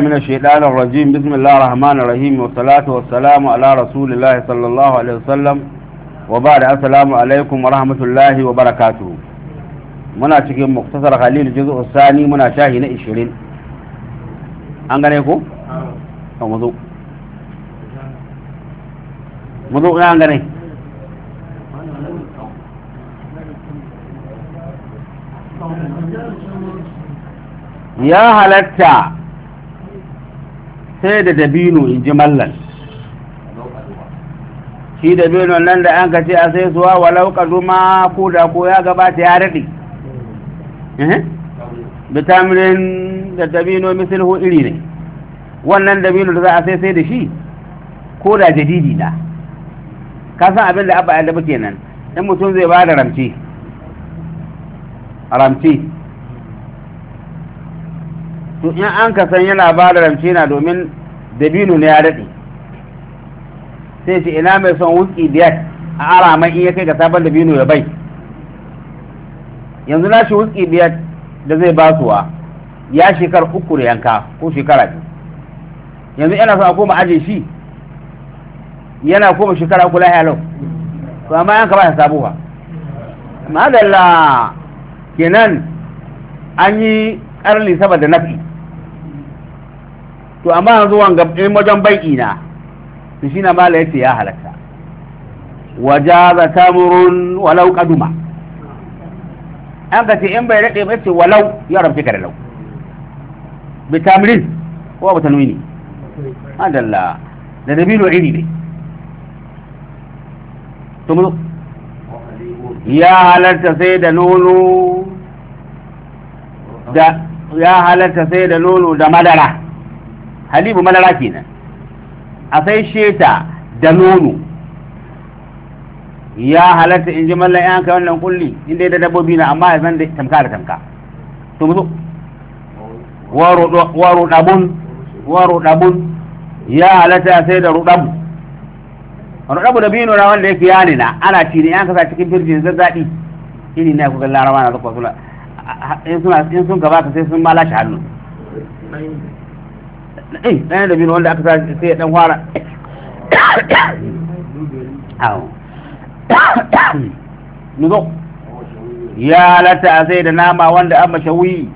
من الشيطان الرجيم بسم الله الرحمن الرحيم والصلاة والسلام على رسول الله صلى الله عليه وسلم وبعد السلام عليكم ورحمة الله وبركاته منا cikin مختصر خليل الجزء الثاني منا شاهي na 20 an gane ko to mu zo mu zo an gane ya halatta sai da dabino in ji mallan shi dabino nan da an kace a sai suwa walau zuma ko da ko ya gabata ya daɗe eh? bitamirin da dabino misalhu iri ne wannan dabino da za a sai sai da shi ko da jadidi na ka san abin da abba ya dabu kenan in mutum zai ba da ramce ramce to in an ka san yana ba da ramce na domin dabino ne ya daɗe sai ce ina mai son wuki biyar a arama in ya kai ga sabon dabino ya bai yanzu na shi wuki biyar da zai ba suwa ya shekar uku da yanka ko shekara biyu yanzu yana son a koma aje shi yana koma shekara uku lahiya lau to amma yanka ba ya sabuwa madalla kenan an yi karni saboda nafi to amma yanzu wanga in wajen bai'i na to shi na mala ce ya halatta wajaza tamrun walau kaduma an ka ce in bai rade ba ce walau ya rabu ka da lau bi tamrin ko ba tanwini adalla da dabino iri ne to mu ya halatta sai da nono da ya halatta sai da nono da madara halibu malara kenan a sai sheta da nono ya halatta in ji mallan yanka wannan kulli inda da dabbobi na amma ya zan da tamka da tamka to mu waro dabun waro dabun ya halatta sai da rudabu rudabu da bino na wanda yake yani na ana ci ne yan kasa cikin firjin zazzadi ini ne ku ga larawa na zakwa in in sun gaba ka sai sun malashi hannu ɗayan da biyu wanda aka sa sai ya ɗan fara nuzo ya lata sai da nama wanda an mashawi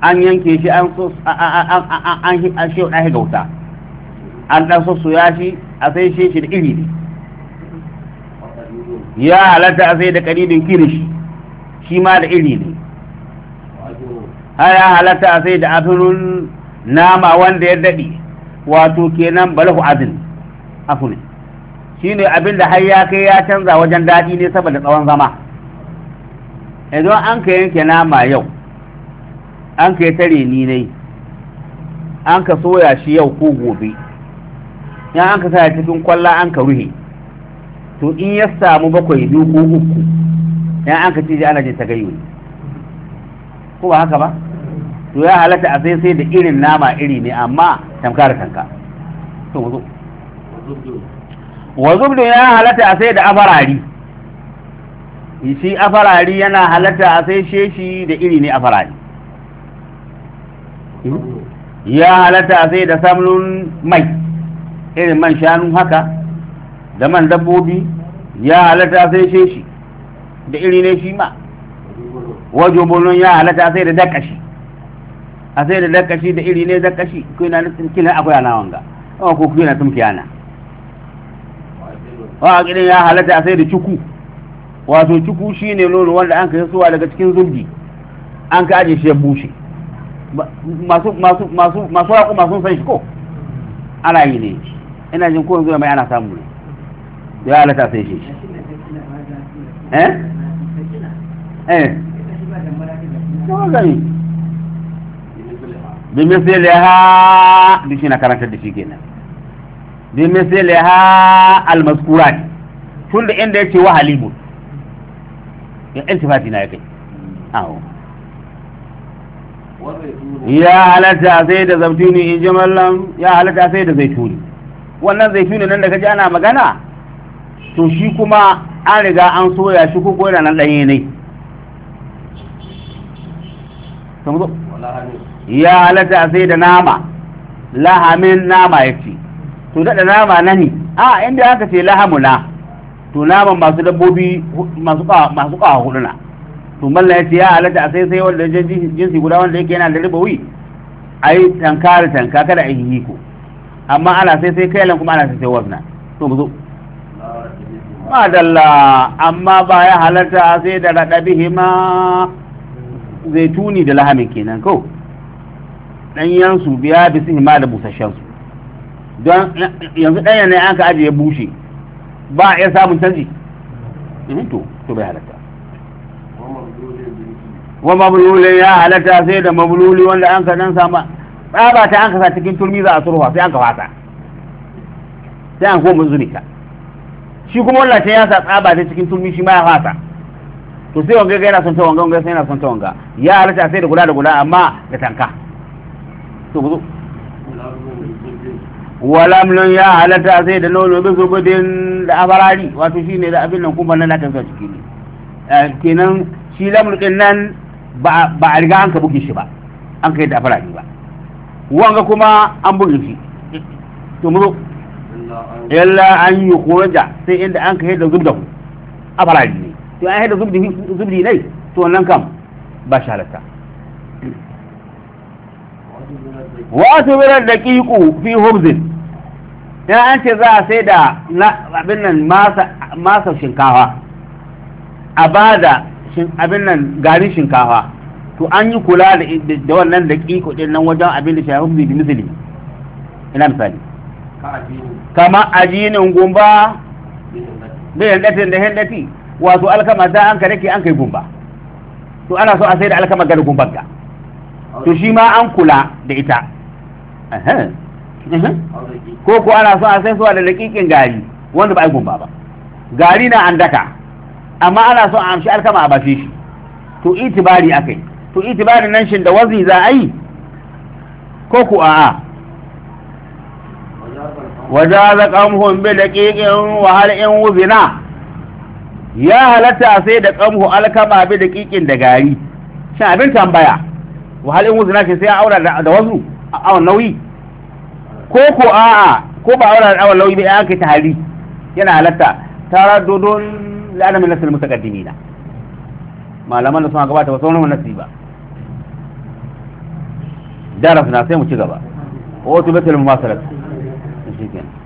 an yanke shi an so an shi ɗan gauta an ɗan so ya shi a sai shi shi da iri ne ya halatta sai da ƙanidin kirish shi ma da iri ne har ya halatta sai da afirun nama wanda ya daɗe wato kenan balahu azin afu ne shine abin da har ya kai ya canza wajen daɗi ne saboda tsawon zama idan an ka yanke nama yau an ka tare ni ne an ka soya shi yau ko gobe in an ka sa cikin kwalla an ka ruhe to in ya samu bakwai biyu ko uku in an ka ce ana jin tagayyo ko ba haka ba to ya halatta a sai sai da irin nama iri ne amma tamka da tamka to wazo wazubdu ya halatta a sai da afarari shi afarari yana halatta a sai sheshi da iri ne afarari ya halatta a sai da samun mai irin man shanu haka da man dabbobi ya halatta a sai sheshi da iri ne shi ma wajen ya halatta a sai da dakashi a sai da zakashi da iri ne zakashi ko yana nufin kila akwai ana wanga amma ko kuna tun tumki ana wa a gidan ya halatta a sai da cuku wato cuku shine nono wanda an kai suwa daga cikin zurgi an ka aje shi ya bushe masu masu masu masu ko masu san shi ko ana yi ne ina jin ko yanzu mai ana samu ne ya halatta sai shi eh eh بمثلها دي شي نكرنت ya halatta sai da in ji mallam ya halatta sai da zaituni wannan zaituni nan da kaji ana magana to shi kuma an riga an soya shi ko yana nan ɗanye ne sun zo ya halatta a sai da nama lahamin nama ya ce to da nama na ni a inda aka ce lahamuna to nama masu dabbobi masu kawa hudu na to malla ya ce ya halatta a sai sai wanda jinsi guda wanda yake yana da ribawi a yi tanka da tanka kada a yi hiko amma ana sai sai kailan kuma ana sai sai wazna to mu zo madalla amma ba ya halatta a sai da raɗaɗi hima zaituni da lahamin kenan ko ɗanyen su biya su hima da busashen su don yanzu ɗanyen ne an ka ajiye bushe ba a iya samun canji eh, to to bai halatta wa mablulin ya halatta sai da mabluli wanda an ka dan sama ba ta an ka sa cikin turmi za a surwa sai an ka fasa sai an koma zurita shi kuma wallace ya sa tsaba ta cikin turmi shi ma ya fasa to sai wanga yana son tawanga wanga sai yana son tawanga ya halatta sai da guda da guda amma da tanka to wala walamlun ya halata sai da nono bin zubudin da abarari wato shine da abin nan kuma nan aka zuwa ciki ne eh, kenan shi lamul nan ba a riga an ka buge shi ba an ka yi da abarari ba wanga kuma an buge shi to mu illa an yi kuraja sai inda an ka yi da zubdahu abarari ne to ai da zubdi ne to wannan kam ba shi halatta wa asbira daqiqu fi hubzin dan an ce za a sai da abin nan masa shinkawa, shinkafa a da abin nan garin shinkafa to an yi kula da wannan daqiqu din nan wajen abin da shi hubzi bi misali ina misali kama ajinin gumba bai yandatin da hendati wato alkama da an ka rake an kai gumba to ana so a sai da alkama ga gumban ga to shi ma an kula da ita ko ko ana so a sai suwa da dakikin gari wanda ba a gumba ba gari na an daka amma ana so a amshi alkama a bashe shi to itibari kai. to itibari nan shin da wazi za a yi ko ku a'a wajaza qamhum bi daqiqin wa hal in wuzina ya halatta sai da kamhu alkama bi da kikin da gari shi abin tambaya wa wahalin wuzuna ke sai aura da wasu awon nauyi ko ko a'a ko ba aura da awon nauyi ba ya kai hali yana halatta tara dodon la'anamin nasil mutaqaddimina malaman da suna gabata ba sauran nasi ba darasna sai mu ci gaba wato batul mumasalat shikenan